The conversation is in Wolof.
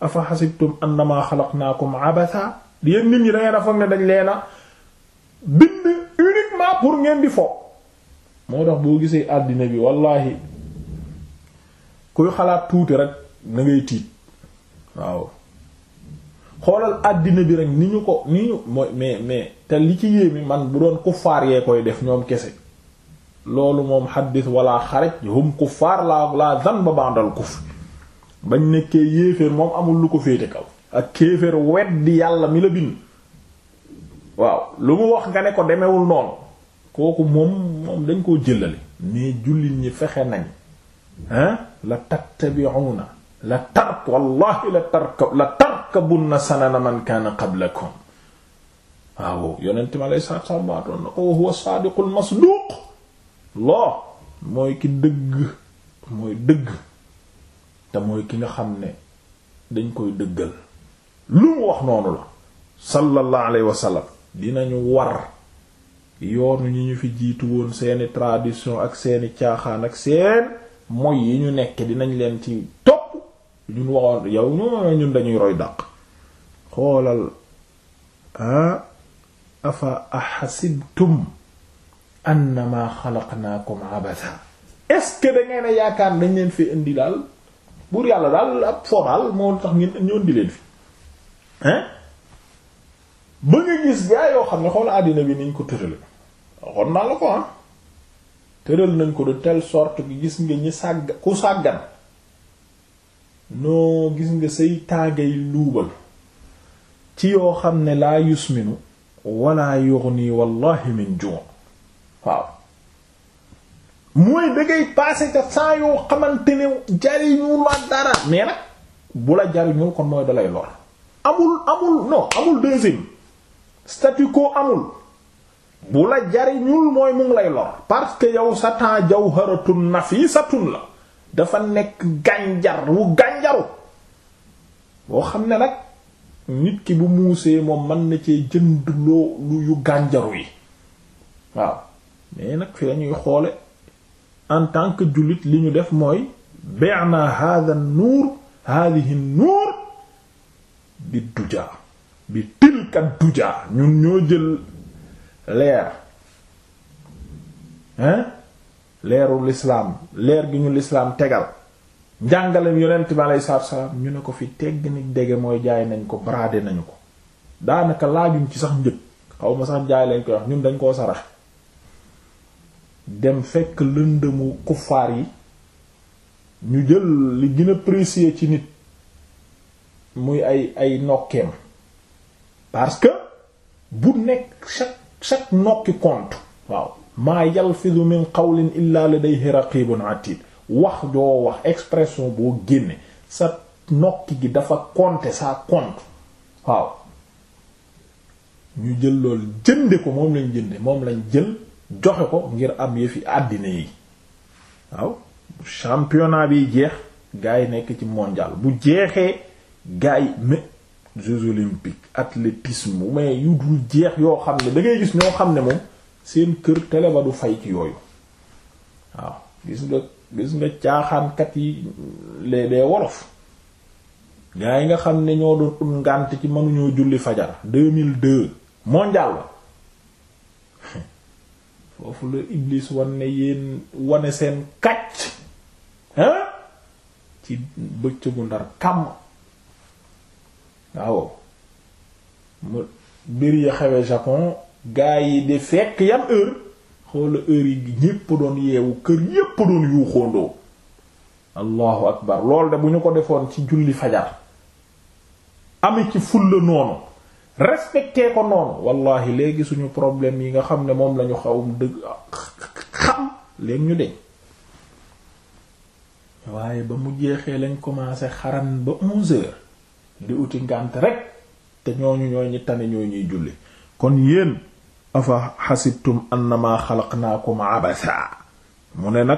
afa xasibtum annama xalaqnaakum abasa yéen nit ñi da ngeen a foog ne dañ leena bind uniquement pour ngeen di fo moo tax boo gisee àddina bi wallahi kuy xalaat tuuti rek na ngay tiit waaw xoolal àddina bi rek ni ñu ko ni mooy mais mais te li ci yéemi man bu doon kuffaar yee koy def ñoom kese loolu moom xaddis wala xaraj hum kuffaar laa laa zanba ba'dal kufr bañ nekkee yéeféer moom amul lu ko féete kaw ak kéeféer weddi yàlla mi la bind waaw lu mu wax nga ne ko demewul noonu kooku moom moom dañ koo jëlale mais jullit ñi fexe nañ ah la tattabi'una la tark wallahi la tarka la tarkabunna sanana man kaana qablakum waaw yonent mi alei saatu salaam waatoon na ko wa huwa saadiqul masduq loo mooy ki dëgg mooy dëgg te mooy ki nga xam ne dañ koy dëggal lu mu wax noonu la sallallahu alayhi wa sallam dinañu war yoonu ñi ñu fi jiitu woon seeni tradition ak seeni caaxaan ak seen moy yi ñu nekk dinañ leen ci topp ñun waxoon yow ñoo ñun dañuy roy dàq xoolal ah, afa ahasibtum annama xalaqnaakum abatha est-ce que da ngeen a yaakaar dañ leen fi indi daal buur yàlla daal ab foral moo tax ngeen ñoon di leen fi hein ba nga gis gaa yoo xam ne xool àddina bi niñ ko tërale waxoon naa la ko ah tëral nañ ko de telle sorte que gis nga ñi sàgg ku sàggan noo gis nga say tàngay luubal ci yoo xam ne laa yusminu wala yughni wallahi min ju' waaw mooy da ngay passé ca saa yoo xamante ne jariñu la dara mais nag bu la jariñul kon mooy dalay lor amul amul non amul deuxième statu quo amul bu la jariñul mooy mu ngi lay lor parce que yow sa temps jawharatun nafisatun la dafa nekk gànjar wu gànjaru boo xam ne nag nit ki bu muusee moom mën na cee jënd loo lu yu gànjaru yi waaw mais nag fi lañuy xoole en tant que jullit li ñu def mooy be'na hadha nuur hadhihi nuur bi duja bi tilka duja ñun ñoo jël leer hein leeru lislaam leer gi ñu lislaam tegal njàngaleem yonent bi aleyhi salaatu salaam ñu ne ko fi technique dege mooy jaay nañ ko brader nañu ko daanaka laajuñ ci sax njëg xaw ma sax jaay lañ koy wax ñun dañ koo sarax dem fekk lëndëmu kuffaar yi ñu jël li gën a précieux ci nit muy ay ay nokkeem parce que bu nekk chaque chaque nokki compte waaw maa yalfidu min qawlin illa ladayhi raqibun atid wax joo wax expression boo génne sa nokki gi dafa konte sa compte waaw ñu jël loolu jënde ko moom lañ jënde moom lañ jël joxe ko ngir am yëfi àddina yi waaw championnat bi jeex gars yi nekk ci mondial bu jeexee gars yi mais jeux olympiques athlétisme mais yu dul jeex yoo xam ne dangay gis ñoo xam ne moom seen kër télé ba du fay ci yooyu waaw gis nga gis nga caaxaankat yi les des wolof gars yi nga xam ne ñoo doon ut ngànt ci mënuñoo julli fajar 2002 mondial la foofu la Iblis wan ne wane seen kàcc hein ci bëccëgu ndar kàmm waaw mu mbir xewe Japon gaa yi di fekk yam heure xoola heure yi ñépp doon yeewu kër yépp doon yuuxoondoo allahu akbar lool de bu ñu ko defoon ci julli fajar ami ci fulla noonu respecté ko noonu wallahi léegi suñu problème yi nga xam ne moom lañu xawum dëgg xam léegi ñu deñ waaye ba mu jeexee lañ commencé xaran ba onze heures di uti ngànt rek te ñooñu ñooy ñi tane ñooy ñuy julli kon yéen afa xasibtum annama xalaqnaakum abasa mu ne nag